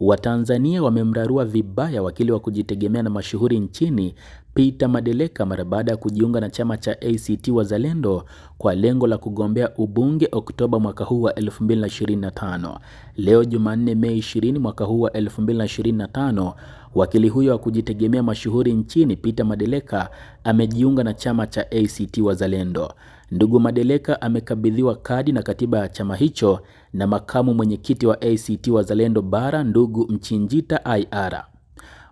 Watanzania wamemrarua vibaya wakili wa kujitegemea na mashuhuri nchini Peter Madeleka mara baada ya kujiunga na chama cha ACT Wazalendo kwa lengo la kugombea ubunge Oktoba mwaka huu wa 2025. Leo Jumanne, Mei 20 mwaka huu wa 2025, wakili huyo wa kujitegemea mashuhuri nchini Peter Madeleka amejiunga na chama cha ACT Wazalendo. Ndugu Madeleka amekabidhiwa kadi na katiba ya chama hicho na makamu mwenyekiti wa ACT Wazalendo Bara ndugu Mchinjita IR.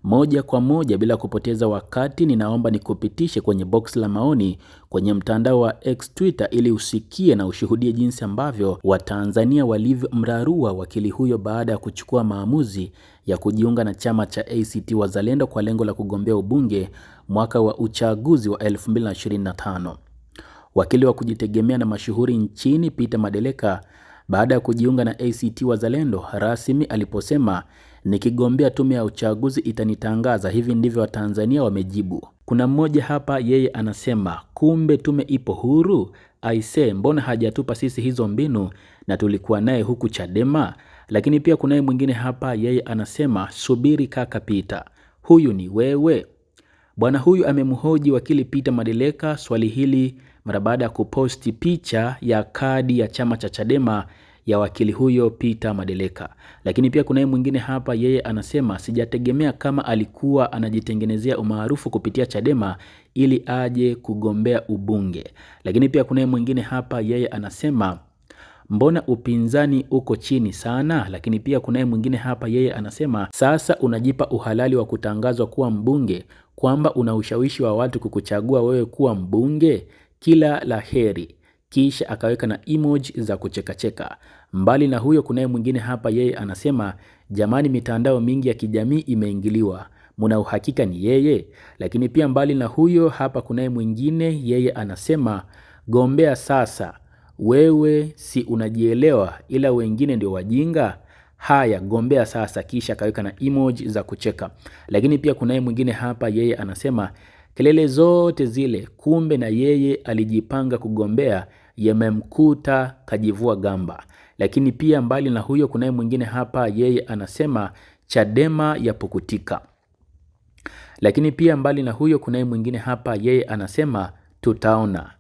Moja kwa moja bila kupoteza wakati, ninaomba nikupitishe kwenye box la maoni kwenye mtandao wa X Twitter, ili usikie na ushuhudie jinsi ambavyo Watanzania walivyomrarua wakili huyo baada ya kuchukua maamuzi ya kujiunga na chama cha ACT Wazalendo kwa lengo la kugombea ubunge mwaka wa uchaguzi wa 2025. Wakili wa kujitegemea na mashuhuri nchini Peter Madeleka baada ya kujiunga na ACT Wazalendo rasmi aliposema nikigombea tume ya uchaguzi itanitangaza. Hivi ndivyo Watanzania wamejibu. Kuna mmoja hapa, yeye anasema kumbe tume ipo huru. Aise, mbona hajatupa sisi hizo mbinu na tulikuwa naye huku Chadema? Lakini pia kunaye mwingine hapa, yeye anasema subiri kaka Peter, huyu ni wewe bwana. Huyu amemhoji wakili Peter Madeleka swali hili mara baada ya kuposti picha ya kadi ya chama cha Chadema ya wakili huyo Peter Madeleka. Lakini pia kunaye mwingine hapa, yeye anasema sijategemea kama alikuwa anajitengenezea umaarufu kupitia Chadema ili aje kugombea ubunge. Lakini pia kunaye mwingine hapa, yeye anasema mbona upinzani uko chini sana. Lakini pia kunaye mwingine hapa, yeye anasema sasa unajipa uhalali wa kutangazwa kuwa mbunge, kwamba una ushawishi wa watu kukuchagua wewe kuwa mbunge kila la heri, kisha akaweka na emoji za kuchekacheka. Mbali na huyo, kunaye mwingine hapa, yeye anasema jamani, mitandao mingi ya kijamii imeingiliwa, muna uhakika ni yeye? Lakini pia mbali na huyo hapa, kunaye mwingine yeye anasema gombea sasa, wewe si unajielewa, ila wengine ndio wajinga Haya, gombea sasa, kisha akaweka na emoji za kucheka. Lakini pia kunaye mwingine hapa, yeye anasema Kelele zote zile, kumbe na yeye alijipanga kugombea, yamemkuta kajivua gamba. Lakini pia mbali na huyo, kunaye mwingine hapa, yeye anasema Chadema yapukutika. Lakini pia mbali na huyo, kunaye mwingine hapa, yeye anasema tutaona.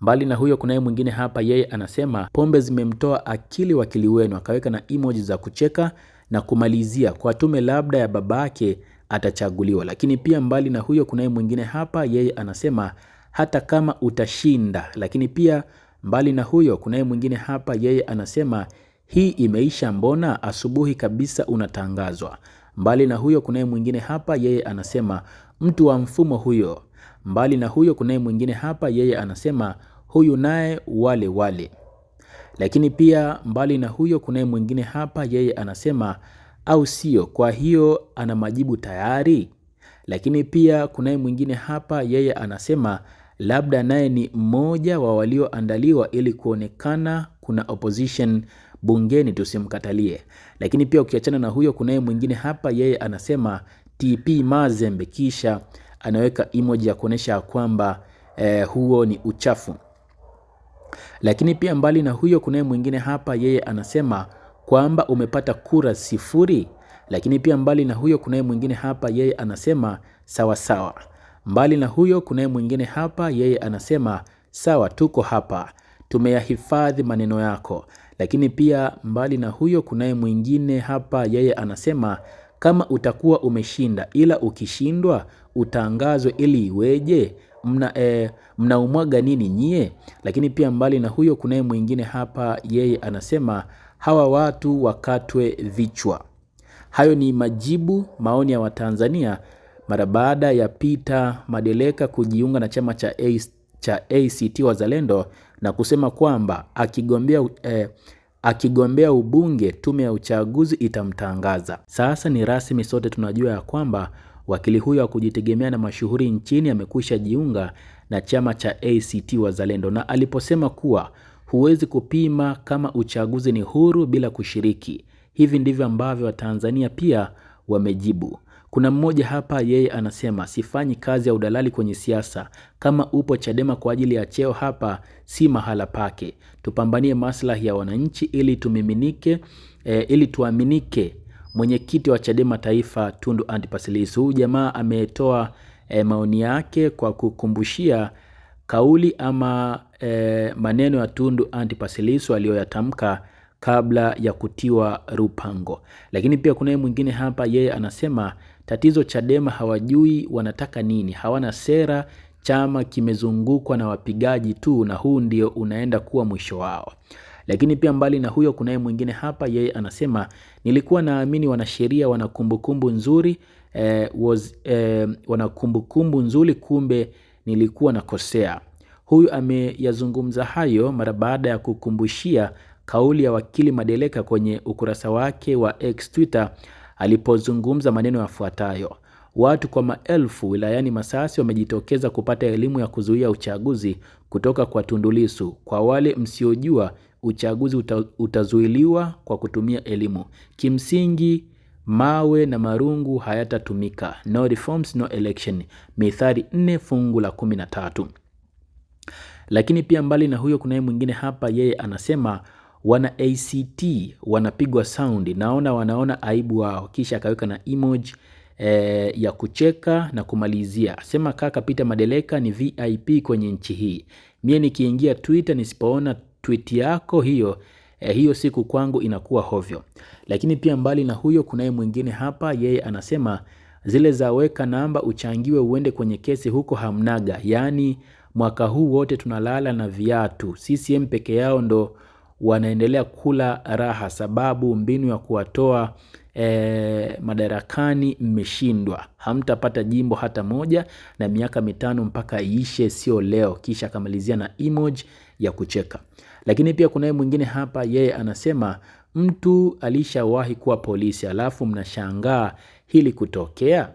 Mbali na huyo, kunaye mwingine hapa, yeye anasema pombe zimemtoa akili wakili wenu, akaweka na emoji za kucheka na kumalizia kwa tume labda ya babake atachaguliwa. Lakini pia mbali na huyo, kunaye mwingine hapa, yeye anasema hata kama utashinda. Lakini pia mbali na huyo, kunaye mwingine hapa, yeye anasema hii imeisha, mbona asubuhi kabisa unatangazwa. Mbali na huyo, kunaye mwingine hapa, yeye anasema mtu wa mfumo huyo. Mbali na huyo, kunaye mwingine hapa, yeye anasema huyu naye wale wale. Lakini pia mbali na huyo, kunaye mwingine hapa, yeye anasema au sio? Kwa hiyo ana majibu tayari. Lakini pia kunaye mwingine hapa, yeye anasema labda naye ni mmoja wa walioandaliwa ili kuonekana kuna opposition bungeni, tusimkatalie. Lakini pia ukiachana na huyo, kunaye mwingine hapa, yeye anasema TP Mazembe, kisha anaweka emoji ya kuonyesha kwamba eh, huo ni uchafu. Lakini pia mbali na huyo, kunaye mwingine hapa, yeye anasema kwamba umepata kura sifuri. Lakini pia mbali na huyo, kunaye mwingine hapa, yeye anasema sawa sawa. Mbali na huyo, kunaye mwingine hapa, yeye anasema sawa, tuko hapa, tumeyahifadhi maneno yako. Lakini pia mbali na huyo, kunaye mwingine hapa, yeye anasema kama utakuwa umeshinda, ila ukishindwa utangazwe ili iweje? Mna, e, mnaumwaga nini nyie? Lakini pia mbali na huyo, kunaye mwingine hapa, yeye anasema hawa watu wakatwe vichwa. Hayo ni majibu maoni ya Watanzania mara baada ya Peter Madeleka kujiunga na chama cha ACT, cha ACT Wazalendo na kusema kwamba akigombea eh, akigombea ubunge tume ya uchaguzi itamtangaza. Sasa ni rasmi, sote tunajua ya kwamba wakili huyo wa kujitegemea na mashuhuri nchini amekwisha jiunga na chama cha ACT Wazalendo, na aliposema kuwa Huwezi kupima kama uchaguzi ni huru bila kushiriki. Hivi ndivyo ambavyo Watanzania pia wamejibu. Kuna mmoja hapa, yeye anasema sifanyi kazi ya udalali kwenye siasa. Kama upo Chadema kwa ajili ya cheo, hapa si mahala pake. Tupambanie maslahi ya wananchi ili tumiminike, e, ili tuaminike. Mwenyekiti wa Chadema Taifa Tundu Antipas Lissu, huyu jamaa ametoa e, maoni yake kwa kukumbushia Kauli ama e, maneno ya Tundu Antipas Lissu aliyoyatamka kabla ya kutiwa Rupango. Lakini pia kunaye mwingine hapa, yeye anasema tatizo Chadema hawajui wanataka nini, hawana sera, chama kimezungukwa na wapigaji tu, na huu ndio unaenda kuwa mwisho wao. Lakini pia mbali na huyo, kunaye mwingine hapa, yeye anasema nilikuwa naamini wanasheria wana kumbukumbu nzuri eh, was, eh, wana kumbukumbu nzuri kumbe nilikuwa nakosea. Huyu ameyazungumza hayo mara baada ya kukumbushia kauli ya wakili Madeleka kwenye ukurasa wake wa X Twitter alipozungumza maneno yafuatayo: Watu kwa maelfu wilayani Masasi wamejitokeza kupata elimu ya kuzuia uchaguzi kutoka kwa tundulisu Kwa wale msiojua, uchaguzi utazuiliwa kwa kutumia elimu. Kimsingi mawe na marungu hayatatumika. No reforms no election, Mithali 4 fungu la 13. Lakini pia mbali na huyo, kunaye mwingine hapa, yeye anasema wana ACT wanapigwa saundi, naona wanaona aibu wao, kisha akaweka na emoji E, ya kucheka na kumalizia sema kaka pita Madeleka ni VIP kwenye nchi hii. Mie nikiingia Twitter nisipoona tweet yako hiyo eh, hiyo siku kwangu inakuwa hovyo. Lakini pia mbali na huyo, kunaye mwingine hapa, yeye anasema zile za weka namba uchangiwe uende kwenye kesi huko hamnaga, yaani mwaka huu wote tunalala na viatu. CCM peke yao ndo wanaendelea kula raha, sababu mbinu ya kuwatoa E, madarakani mmeshindwa, hamtapata jimbo hata moja na miaka mitano mpaka iishe, sio leo. Kisha akamalizia na emoji ya kucheka. Lakini pia kunaye mwingine hapa, yeye anasema mtu alishawahi kuwa polisi alafu mnashangaa hili kutokea.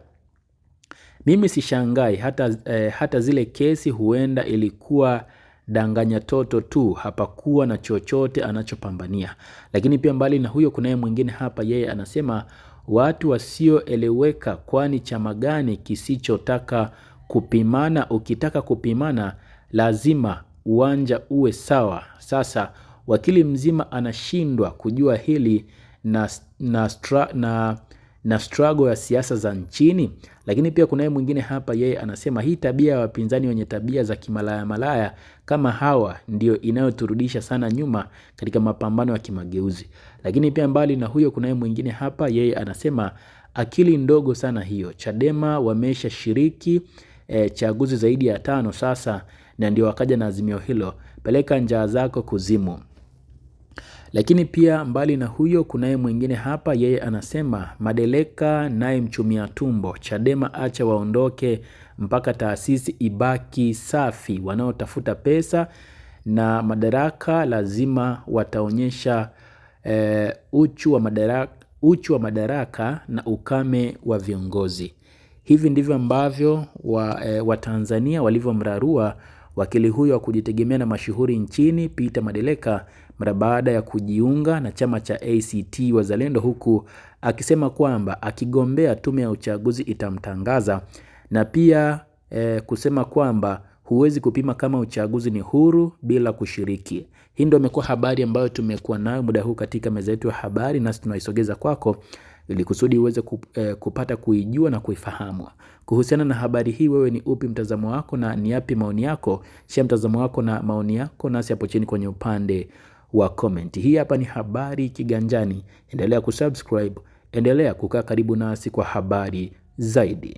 Mimi sishangai hata, eh, hata zile kesi huenda ilikuwa danganya toto tu, hapakuwa na chochote anachopambania. Lakini pia mbali na huyo, kunaye mwingine hapa, yeye anasema watu wasioeleweka, kwani chama gani kisichotaka kupimana? Ukitaka kupimana lazima uwanja uwe sawa. Sasa wakili mzima anashindwa kujua hili na, na, stra, na, na struggle ya siasa za nchini. Lakini pia kunaye mwingine hapa, yeye anasema hii tabia ya wapinzani wenye tabia za kimalaya malaya kama hawa ndio inayoturudisha sana nyuma katika mapambano ya kimageuzi. Lakini pia mbali na huyo, kunaye mwingine hapa, yeye anasema akili ndogo sana hiyo. Chadema wameshashiriki shiriki e, chaguzi zaidi ya tano sasa na ndio wakaja na azimio hilo, peleka njaa zako kuzimu. Lakini pia mbali na huyo, kunaye mwingine hapa, yeye anasema Madeleka naye mchumia tumbo, Chadema acha waondoke mpaka taasisi ibaki safi. Wanaotafuta pesa na madaraka lazima wataonyesha e, uchu wa madaraka, uchu wa madaraka na ukame wa viongozi. Hivi ndivyo ambavyo Watanzania e, wa eh, walivyomrarua Wakili huyo wa kujitegemea na mashuhuri nchini Peter Madeleka mara baada ya kujiunga na chama cha ACT Wazalendo, huku akisema kwamba akigombea tume ya uchaguzi itamtangaza na pia e, kusema kwamba huwezi kupima kama uchaguzi ni huru bila kushiriki. Hii ndio imekuwa habari ambayo tumekuwa nayo muda huu katika meza yetu ya habari, nasi tunaisogeza kwako ili kusudi uweze eh, kupata kuijua na kuifahamu. Kuhusiana na habari hii, wewe ni upi mtazamo wako na ni yapi maoni yako? Shia mtazamo wako na maoni yako nasi hapo chini kwenye upande wa comment. Hii hapa ni Habari Kiganjani. Endelea kusubscribe, endelea kukaa karibu nasi kwa habari zaidi.